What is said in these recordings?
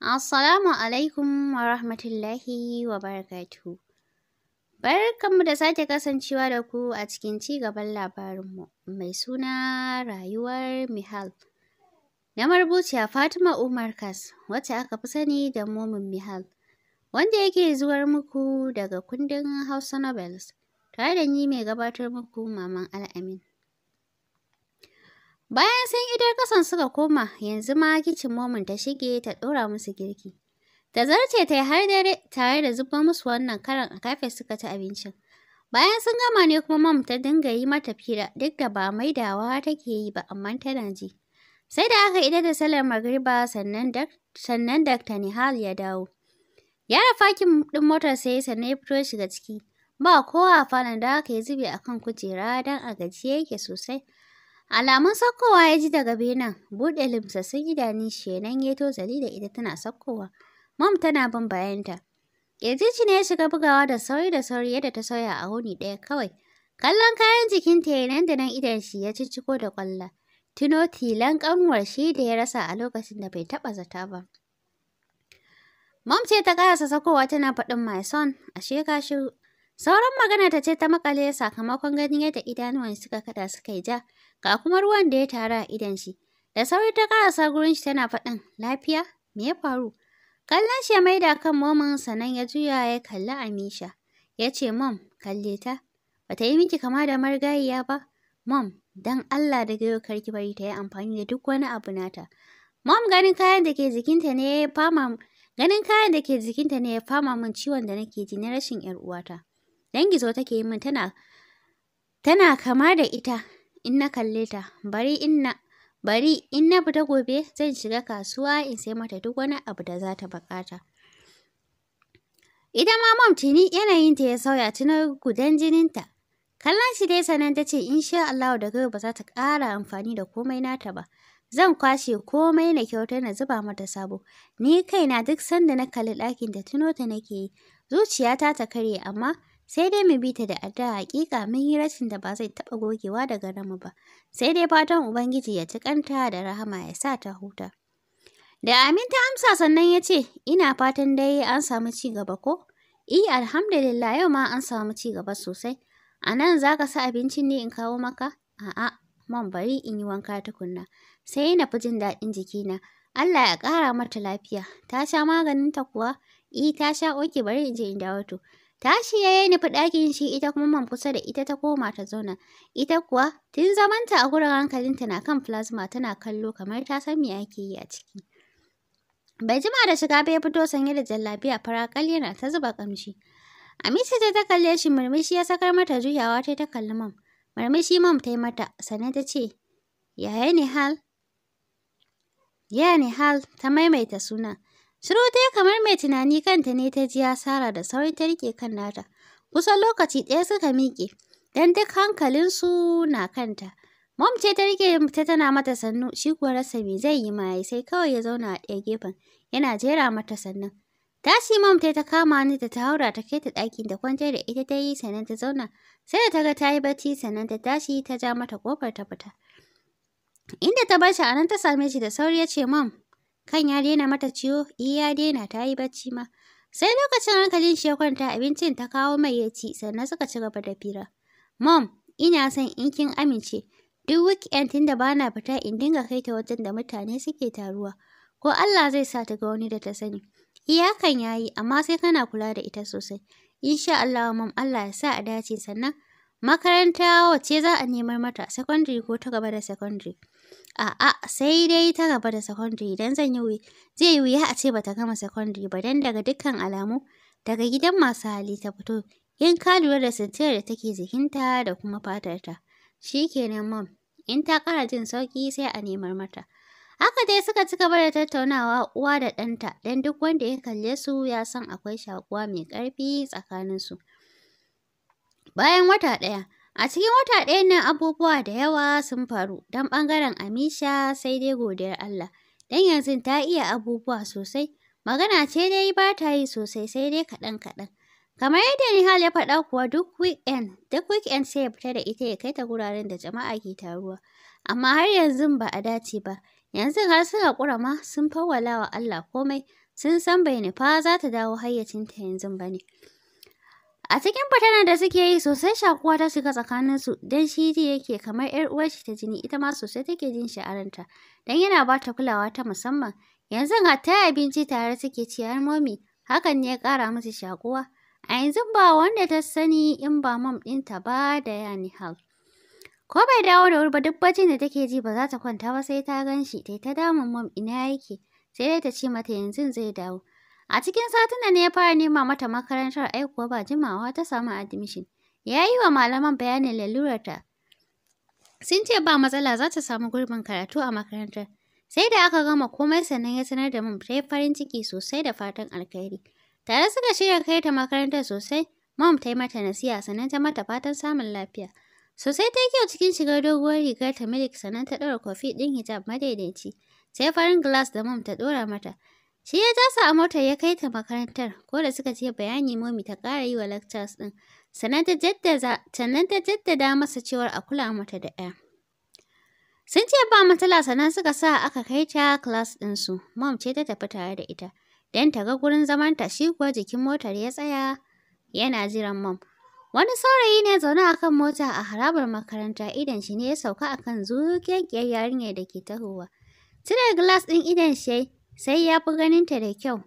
Assalamu alaikum wa rahmatullahi wa barakatuhu. Barkanmu da sake kasancewa da ku a cikin ci gaban labarinmu mai suna rayuwar Mihal. Na marubuciya Fatima Umar Kas wacce aka fi sani da Momin Mihal, wanda yake zuwar muku daga kundin Hausa Novels, tare da ni mai gabatar muku Maman Al'amin. Bayan sun idar kasan suka koma, yanzu ma kicin momin ta shige ta ɗora musu girki. Ta zarce ta yi har dare tare da zuba musu wannan karan a kafe suka ci abincin. Bayan sun gama ne kuma mam ta dinga yi mata fira duk da ba maidawa take yi ba amma tana ji. Sai da aka idar da salar magriba sannan sannan Dr. Nihal ya dawo. Ya rafa fakin ɗin motar sai ya ya fito shiga ciki. Ba kowa a falon da aka yi zube akan kujera dan a gaji yake sosai. Alamun sakkowa ya ji daga benen, buɗe limsassun idanun shi nan ya tozali da ita tana sakkowa. Mom tana bin bayanta. Ƙirjici ne ya shiga bugawa da sauri da sauri yadda ta sauya a huni ɗaya kawai. Kallon kayan jikinta ya nan da nan idan shi ya cicciko da ƙwalla. Tino tilan ƙanwar shi da ya rasa a lokacin da bai taɓa zata ba. Mom ce ta ƙarasa sakowa tana faɗin my son, ashe ka shi Sauran magana ta ce ta makale sakamakon ganin yadda idanuwan suka kada suka ja, ga kuma ruwan da ya taru a idan shi. Da sauri ta sa gurin shi tana faɗin, lafiya? Me ya faru? Kallon shi ya maida kan momin sannan ya juya ya kalli Amisha. Ya ce, Mom, kalle ta. Bata yi miki kama da margayiya ba? Mom, dan Allah daga gayo karki bari ta yi amfani da duk wani abu nata. Mom ganin kayan da ke jikinta ne ya fama Ganin kayan da ke jikinta ne ya fama min ciwon da nake ji na rashin ‘yar uwata. Dan gizo take yi min tana tana kama da ita in na kalle ta. Bari in na bari in na fita gobe zan shiga kasuwa in sai mata duk wani abu da za ta bukata. Ita ma mam yanayin ta ya sauya tunar gudan ta. Kallon shi dai sanan ta ce sha Allah da gaba ba za ta ƙara amfani da komai nata ba. Zan kwashe komai na kyauta na zuba mata sabo. Ni kaina duk sanda na kalli ɗakin da tuno ta nake yi. Zuciyata ta karye amma sai dai mu bi ta da addu'a hakika mun yi rashin da ba zai taɓa gogewa daga ramu ba sai dai fatan ubangiji ya ci kanta da rahama ya sa ta huta da amin ta amsa sannan ya ce ina fatan dai an samu ci gaba ko i eh, alhamdulillah yau ma an samu ci gaba sosai a nan za ka sa abincin ne in kawo maka a'a man bari in yi wanka tukunna sai na fi jin daɗin jikina Allah ya ƙara mata lafiya ta sha maganinta kuwa i eh, ta sha oke bari in je in dawo to Tashi ya yi nufi ɗakin shi ita kuma man kusa da ita ta koma ta zauna. Ita kuwa tun zamanta a gurin hankalinta na kan plasma tana kallo kamar ta san me ake yi a ciki. Bai jima da shiga bai fito sanye da jallabiya fara yana ta zuba kamshi. Amisa ta ta kalle shi murmushi ya sakar mata juyawa ta ta kalli mam. Murmushi mam ta yi mata sannan ta ce, Yaya ne hal? Yaya ne hal ta maimaita suna. Shiru ta kamar mai tunani kanta ne ta ji asara da sauri ta rike kan nata. Kusan lokaci ɗaya suka miƙe, don duk hankalinsu na kanta. Mom ce ta rike ta tana mata sannu, shi kuwa rasa me zai yi ma sai kawai ya zauna a ɗaya gefen, yana jera mata sannan. Tashi mom ta ta kama ni da ta haura ta kai ta ɗakin da kwanta da ita ta yi sannan ta zauna. Sai da ta ga ta yi bacci sannan ta tashi ta ja mata ƙofar ta fita. Inda ta bar shi a nan ta same shi da sauri ya ce mom Kan ya daina mata ciwo, iya ya daina ta yi bacci ma. Sai lokacin hankalin shi ya kwanta abincin ta kawo mai ya ci sannan suka ci gaba da fira. Mom, ina son in kin amince. Duk weekend tun da bana fita in dinga kai ta wajen da mutane suke taruwa. Ko Allah zai sa ta ga wani da ta sani. Iyakan ya yi, amma sai kana kula da ita sosai. Insha Allah mam Allah ya sa a dace sannan. Makaranta wacce za a nemar mata, secondary ko ta gaba da secondary. A'a, sai dai ta gaba da secondary idan zan yi zai yi wuya a ce bata gama secondary ba dan daga dukkan alamu daga gidan masu hali ta fito. In ka lura da sintiyar da take jikinta da kuma fatarta. Shikenan mam. in ta kara jin sauki sai a nemar mata. Haka dai suka ci gaba da tattaunawa uwa da ɗanta dan duk wanda ya kalle su ya san akwai shakuwa mai ƙarfi tsakaninsu. Bayan wata ɗaya, A cikin wata ɗaya nan abubuwa da yawa sun faru don ɓangaren Amisha sai dai godiyar Allah. Don yanzu ta iya abubuwa sosai, magana ce dai ba ta yi sosai sai dai kaɗan-kaɗan. Kamar yadda Nihal ya faɗa kuwa duk weekend, duk weekend sai ya fita da ita ya kai ta guraren da jama'a ke taruwa. Amma har yanzu ba a dace ba, yanzu har suka haƙura ma sun fawwala wa Allah komai, sun san bai nufa za ta dawo hayyacinta yanzu ba ne. A cikin fitanar da suke yi sosai shakuwa ta shiga tsakaninsu don shi ji yake kamar 'yar shi ta jini ita ma sosai take jin sha'arinta, don yana ba ta kulawa ta musamman. Yanzu ga ta abinci tare suke ci har momi hakan ne ya ƙara musu shakuwa. A yanzu ba wanda ta sani in ba mom ɗinta ba da ya Nihal. Ko bai dawo da wuri ba duk bacin da take ji ba za ta kwanta ba sai ta gan shi ta ta damun mom ina yake sai dai ta ce mata yanzu zai dawo. A cikin satin da ne ya fara nema mata makarantar aikuwa ba jimawa ta samu admission. Ya yi wa malaman bayanin lalurarta. Sun ce ba matsala za ta samu gurbin karatu a makarantar. Sai da aka gama komai sannan ya sanar da mun ta farin ciki sosai da fatan alkhairi. Tare suka shirya kai ta makarantar sosai, mom ta yi mata nasiha sannan ta mata fatan samun lafiya. Sosai ta kyau cikin shigar doguwar rigar ta milik sannan ta ɗora kofi ɗin hijab madaidaici. Sai farin glass da mom ta ɗora mata. Shi ya tasa a motar ya kai ta makarantar, ko da suka je bayani momi ta ƙara yi wa lectures ɗin, sannan ta jaddada masa cewar a kula mata da ɗaya. Sun ce ba matsala sannan suka sa aka kai ta class ɗinsu, mom ce ta tafi tare da ita, don ta ga gurin zamanta shi kuwa jikin motar ya tsaya yana jiran mom. Wani saurayi ne zaune a kan mota a harabar makaranta idan shi ne ya sauka a kan zuƙeƙiyar yarinyar da ke tahowa. Cire glass ɗin idan shi sai ya fi ganinta da kyau.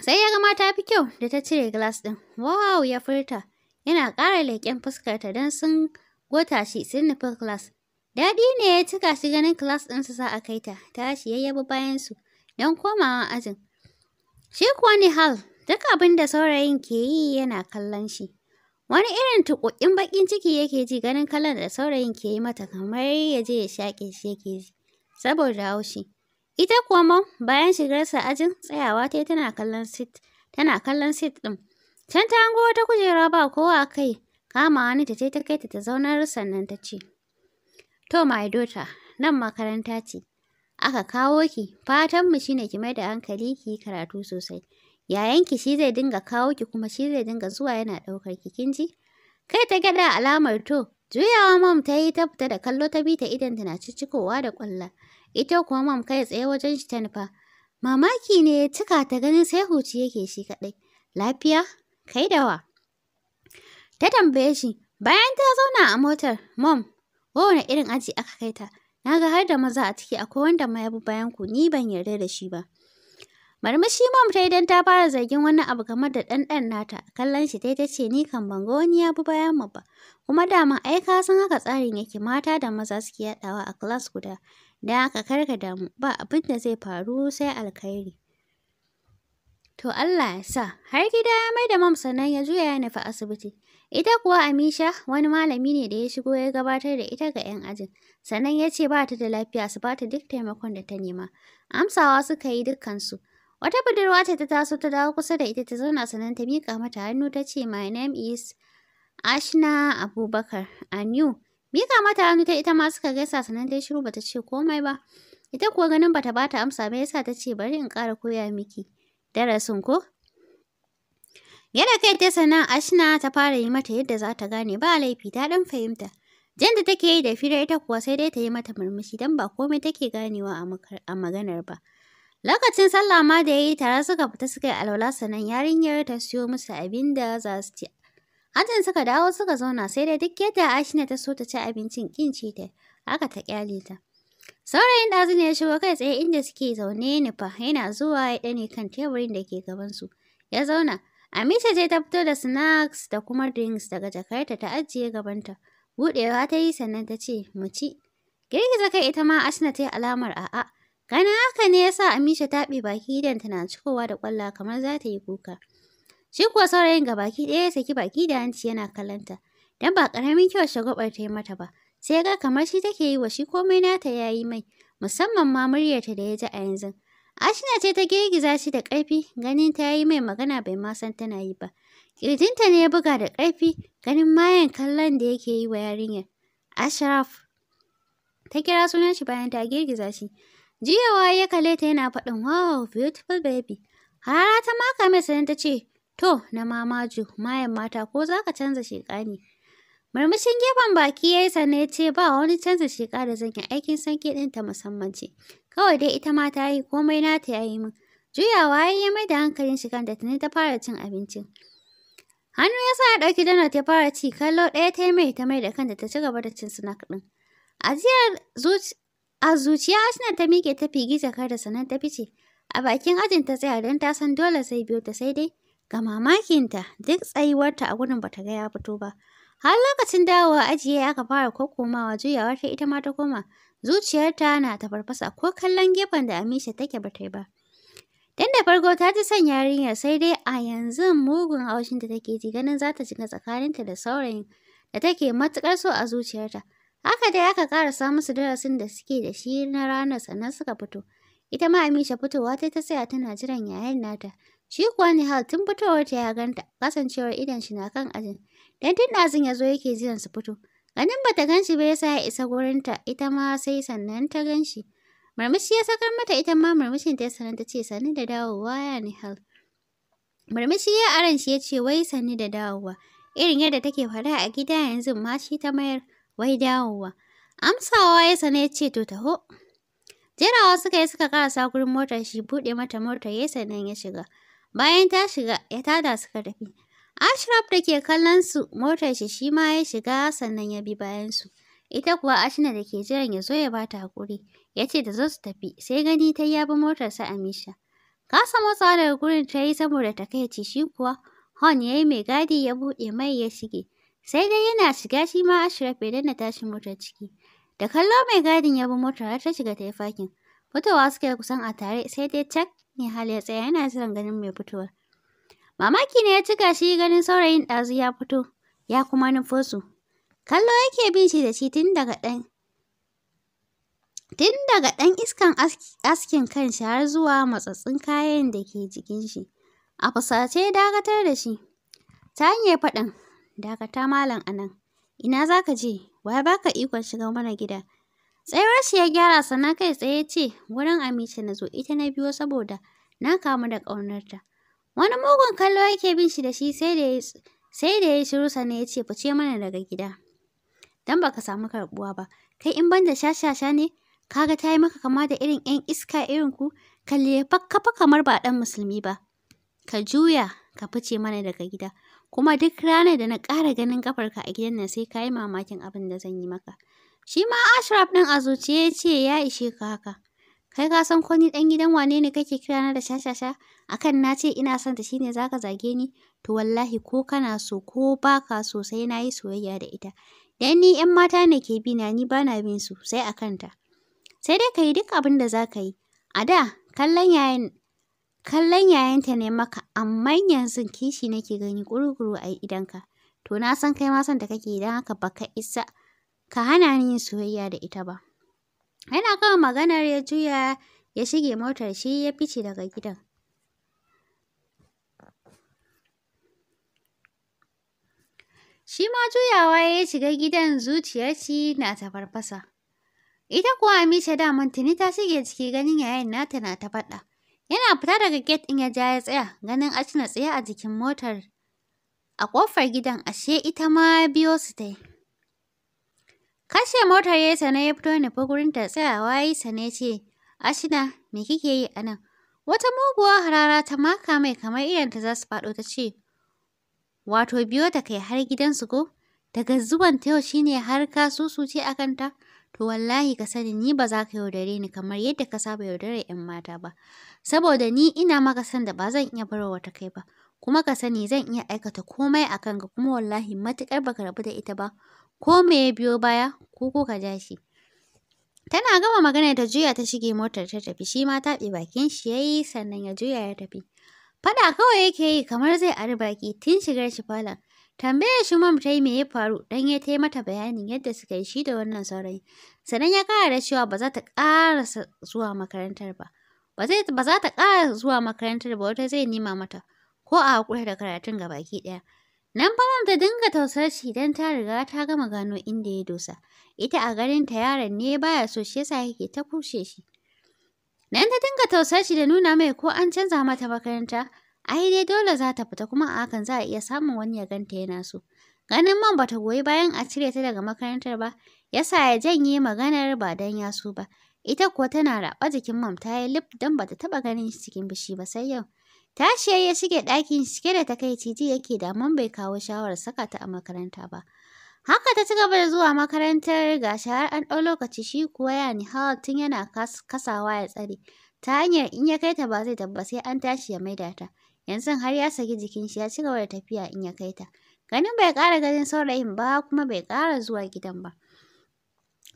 Sai ya gama ta fi kyau da ta cire glass ɗin. Wow ya furta. Yana ƙara leƙen fuskarta don sun gota shi sun nufi glass Daɗi ne ya cika shi ganin class ɗinsu sa a kai ta. shi ya yabi su, don komawa ajin. Shi kuwa hal duk abin da saurayin ke yi yana kallon shi. Wani irin tuƙuƙin baƙin ciki yake ji ganin kallon da saurayin ke yi mata kamar ya je ya shaƙe shi yake ji, saboda haushi. Ita kuwa Mom, bayan shigarsa ajin, tsayawa ta tana kallon sit, tana kallon sit ɗin. Can ta hango wata kujera ba kowa kai, kama wani ta ta kai ta ta zaunar sannan ta ce. To my daughter, nan makaranta ce. Aka kawo ki, fatan mu shine ki mai da hankali ki yi karatu sosai. Yayanki shi zai dinga kawo ki kuma shi zai dinga zuwa yana ɗaukar ki, kin ji? Kai ta gada alamar to, juyawa mom ta yi ta fita da kallo ta bi ta idan tana ciccikowa da ƙwallon. ita kuwa mam kai tsaye wajen shi ta nufa. Mamaki ne ya cika ta ganin sai huci yake shi kaɗai. Lafiya? Kai dawa? Ta tambaye shi, bayan ta zauna a motar, mom, kowane irin aji aka kai ta, na ga har da maza a ciki akwai wanda ma ya bi bayan ku ni ban yarda da shi ba. Marmashi mom ta idan ta fara zargin wani abu game da ɗanɗan nata, kallon shi dai ta ce ni kan ban ga wani ya bi bayan mu ba. Kuma dama ai ka san haka tsarin yake mata da maza suke yaɗawa a class guda. Da haka kar ka damu, ba abin da zai faru sai alkhairi. To Allah ya sa, har gida ya mai da mam sannan ya juya ya nufi asibiti. Ita kuwa Amisha wani malami ne da ya shigo ya gabatar da ita ga 'yan ajin, sannan ya ce ba ta da lafiya su ba ta duk taimakon da ta nema. Amsawa suka yi dukkansu. Wata budurwa ce ta taso ta dawo kusa da ita ta zauna sannan ta miƙa mata hannu ta ce, My name is Ashna Abubakar, a new Mika mata hannu ta ita ma suka gaisa sannan dai shiru bata ce komai ba. Ita kuwa ganin bata bata amsa ba yasa ta ce bari in ƙara koya miki. Darasin ko? Yana kai ta sannan Ashna ta fara yi mata yadda za ta gane ba laifi ta dan fahimta. Jan da take yi da fira ita kuwa sai dai ta yi mata murmushi dan ba komai take ganewa a maganar ba. Lokacin sallah ma da ya yi tare suka fita suka yi alwala sannan yarinyar ta siyo musu abin da za su ci. Ajin suka dawo suka zauna sai dai duk yadda Ashina ta so ta ci abincin kin ce ta, aka ta kyale ta. Saurayin ne ya shigo kai tsaye inda suke zaune ni fa yana zuwa ya ɗane kan teburin da ke gabansu. Ya zauna, Amisha ce ta fito da snacks da kuma drinks daga jakarta ta ajiye gabanta. Buɗewa ta yi sannan ta ce, mu ci. Girgiza kai ita ma Aishina ta yi alamar a'a. Ganin haka ne ya sa Amisha ɓi baki idan tana cikowa da ƙwalla kamar za ta yi kuka. Shi kuwa saurayin ga baki ɗaya ya saki baki da hanci yana kallonta. Dan ba ƙaramin kyau shagwabar ta yi mata ba. Sai ga kamar shi take yi wa shi komai nata ya yi mai, musamman ma muryarta da ya ji a yanzu. Ashina ce ta girgiza shi da ƙarfi, ganin ta yi mai magana bai ma san tana yi ba. Ƙirjinta ne ya buga da ƙarfi, ganin mayan kallon da yake yi wa yarinyar. Ashraf. Ta kira sunan shi bayan ta girgiza shi. Jiyawa ya kale ta yana faɗin wow beautiful baby. Harara ta maka mai sanin ta ce To, na mamaju, mayan mata ko za ka canza sheƙa ne? Murmushin gefen baki ya yi sannan ya ce ba wani canza sheƙa da zan yi aikin sanke ta musamman ce. Kawai dai ita ma ta yi komai na ta yi min. Juyawa ya yi mai da hankalin shi kanta tuni ta fara cin abincin. Hannu ya sa ya ɗauki donut ya fara ci kallo ɗaya ta yi mai ta mai da kanta ta ci gaba da cin snack ɗin. Ajiyar zuci A zuciya Asna ta miƙe ta figi jakar da sanan ta fice. A bakin ajin ta tsaya don ta san dole sai biyo ta sai dai Ga mamakinta, duk tsayuwarta a gurin bata ga ya fito ba. Har lokacin dawowa ajiye aka fara kokkomawa juyawar ta ita ma ta koma. Zuciyarta na ta farfasa ko kallon gefen da Amisha take bata ba. Dan da farko ta ji son yarinyar sai dai a yanzu mugun haushin da take ji ganin za ta shiga tsakaninta da saurayin da take matukar so a zuciyarta. Haka dai aka karasa musu darasin da suke da shi na ranar sannan suka fito. Ita ma Amisha fitowa ta ta tsaya tana jiran yayan nata. Shi kuwa hal tun fitowar ta ya ganta, kasancewar idon shi na kan ajin. Dan tun ɗazun ya zo yake jiran su fito. Ganin bata gan shi ba yasa ya isa gurinta, ita ma sai sannan ta gan shi. Murmushi ya sakar mata ita ma murmushin ta sannan ta ce sanni da dawowa ya hal. Murmushi ya aran shi ya ce wai sani da dawowa. Irin yadda take faɗa a gida yanzu ma shi ta mayar wai dawowa. Amsawa ya sane ya ce to taho. Jirawa suka yi suka karasa gurin motar shi buɗe mata motar ya sannan ya shiga. Bayan ta shiga, ya tada suka tafi. Ashraf da ke kallon su motar shi shi ma ya shiga sannan ya bi bayan su. Ita kuwa Ashna da ke jiran ya zo ya ba ta haƙuri, ya ce da zo su tafi, sai gani ta yi motar sa Amisha. Kasa motsawa daga gurin ta yi saboda ta ce shi kuwa, Hon ya yi mai gadi ya buɗe mai ya shige. Sai dai yana shiga shi ma Ashraf ya danna tashi motar ciki. Da kallo mai gadin ya bi motar har ta shiga ta yi fakin. Fitowa suka kusan a tare sai dai cak Nihal ya tsaya yana jiran ganin mai fitowar. Mamaki ne ya cika shi ganin saurayin ɗazu ya fito, ya kuma nufo su. Kallo yake bin shi da shi tun daga ɗan. Tun daga ɗan iskan askin kan shi har zuwa matsatsin kayan da ke jikin shi. A fusace ya dakatar da shi. Ta hanyar faɗin, dakata malam anan. Ina za ka je? Wai baka ikon shiga mana gida? Tsayuwar shi ya gyara sannan kai tsaye ya ce, wurin amince na zo ita na biyo saboda na kamu da ƙaunarta. Wani mugun kallo yake bin shi da shi sai da ya sai da ya shiru sana ya ce fice mana daga gida. Dan baka samu karɓuwa ba, kai in banda shashasha ne, kaga ta yi maka kama da irin 'yan iska irin ku, kalle fakka fa kamar ba ɗan musulmi ba. Ka juya, ka fice mana daga gida. Kuma duk ranar da na ƙara ganin ƙafarka a gidan nan sai ka yi mamakin abin da zan yi maka. Shi ma Ashraf ɗin a zuciya ya ce ya ishe ka haka. Kai ka san ko ɗan gidan wane ne kake kira na da shashasha? Akan na ce ina son ta shi shine zaka zage ni? To wallahi ko kana so ko baka so sai na yi soyayya da ita. Dan ni ‘yan mata ne ke bi na ni bana bin su sai a kanta. Sai dai ka yi duk abin da za ka yi. A da kallon yayan kallon yayanta ne maka amma yanzu kishi nake gani kurukuru a idanka. To na san kai ma son ta kake idan haka baka isa. ka hana ni yin soyayya da ita ba. Yana kawai maganar ya juya ya shige motar shi ya fice daga gidan. Shi ma juyawa ya shiga gidan zuciyar shi na tafarfasa. farfasa. Ita kuwa Amisha daman tuni ta shige ciki ganin yayin nata na ta faɗa. Yana fita daga gate ɗin ya ja ya tsaya ganin Ashina tsaye a jikin motar a ƙofar gidan ashe ita ma biyo su ta yi. Kashe motar ya yi sana ya fito nufi gurin ta tsayawa ya yi sana ce, Ashina, me kike yi a nan? Wata muguwa harara ta maka mai kamar irin ta za su faɗo ta ce, Wato biyo ta kai har gidansu ko? Daga zuwan ta yau shine har ka ce a kanta? To wallahi ka sani ni ba za ka yaudare ni kamar yadda ka saba yaudare 'yan mata ba. Saboda ni ina maka san da ba zan iya barwa ta kai ba. Kuma ka sani zan iya aikata komai a kanka kuma wallahi matuƙar baka rabu da ita ba. ko me ya biyo baya ko kuka ja shi. Tana gama magana ta juya ta shige motar ta tafi shi ma taɓe bakin shi ya yi sannan ya juya ya tafi. Fada kawai yake yi kamar zai ari baki tun shigar shi falon. Tambayar shi mam ta yi me ya faru dan ya ta mata bayanin yadda suka yi shi da wannan saurayi. Sannan ya kara da cewa ba za ta ƙara zuwa makarantar ba. Ba za ta ƙara zuwa makarantar ba wata zai nima mata ko a hakura da karatun ga baki ɗaya. Nan fa ta dinga tausar shi don ta riga ta gama gano inda ya dosa. Ita a garin yaron ne baya so shi yasa yake ta kushe shi. Nan ta dinga tausar shi da nuna mai ko an canza mata makaranta, ai dai dole za ta fita kuma a hakan za a iya samun wani ya ganta yana so. Ganin man bata goyi bayan a cire ta daga makarantar ba, yasa ya janye maganar ba don ya so ba. Ita kuwa tana raɓa jikin mam ta yi lif don bata taɓa ganin cikin bishi ba sai yau. Tashiyar ya shige ɗakin cike da takaici ji yake daman bai kawo shawarar saka ta a makaranta ba. Haka ta ci gaba da zuwa makarantar ga har an ɗau lokaci shi kuwa ya hawa tun yana kasawa ya tsare. Ta hanyar in ya kai ta ba zai tabbas sai an tashi ya maida ta. Yanzu har ya saki jikin shi ya ci gaba da tafiya in ya kai ta. Ganin bai ƙara ganin saurayin ba kuma bai ƙara zuwa gidan ba.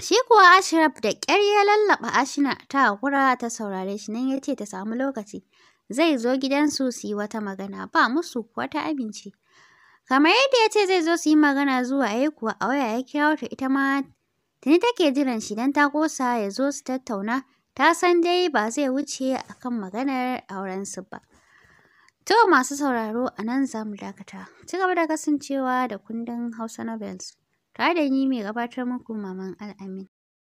Shi kuwa Ashraf da ƙyar ya lallaɓa Ashina ta hakura ta saurare shi nan ya ce ta samu lokaci. zai zo gidansu su yi wata magana ba musu wata abinci amince. Kamar yadda ya ce zai zo su yi magana zuwa yi kuwa a waya ya kira ta ita ma tuni take jiran shi don ta kosa ya zo su tattauna ta san dai ba zai wuce a kan maganar aurensu ba. To masu sauraro a nan za mu dakata. Ci gaba da kasancewa da kundin Hausa Novels. Tare da ni mai gabatar muku Maman Al'amin.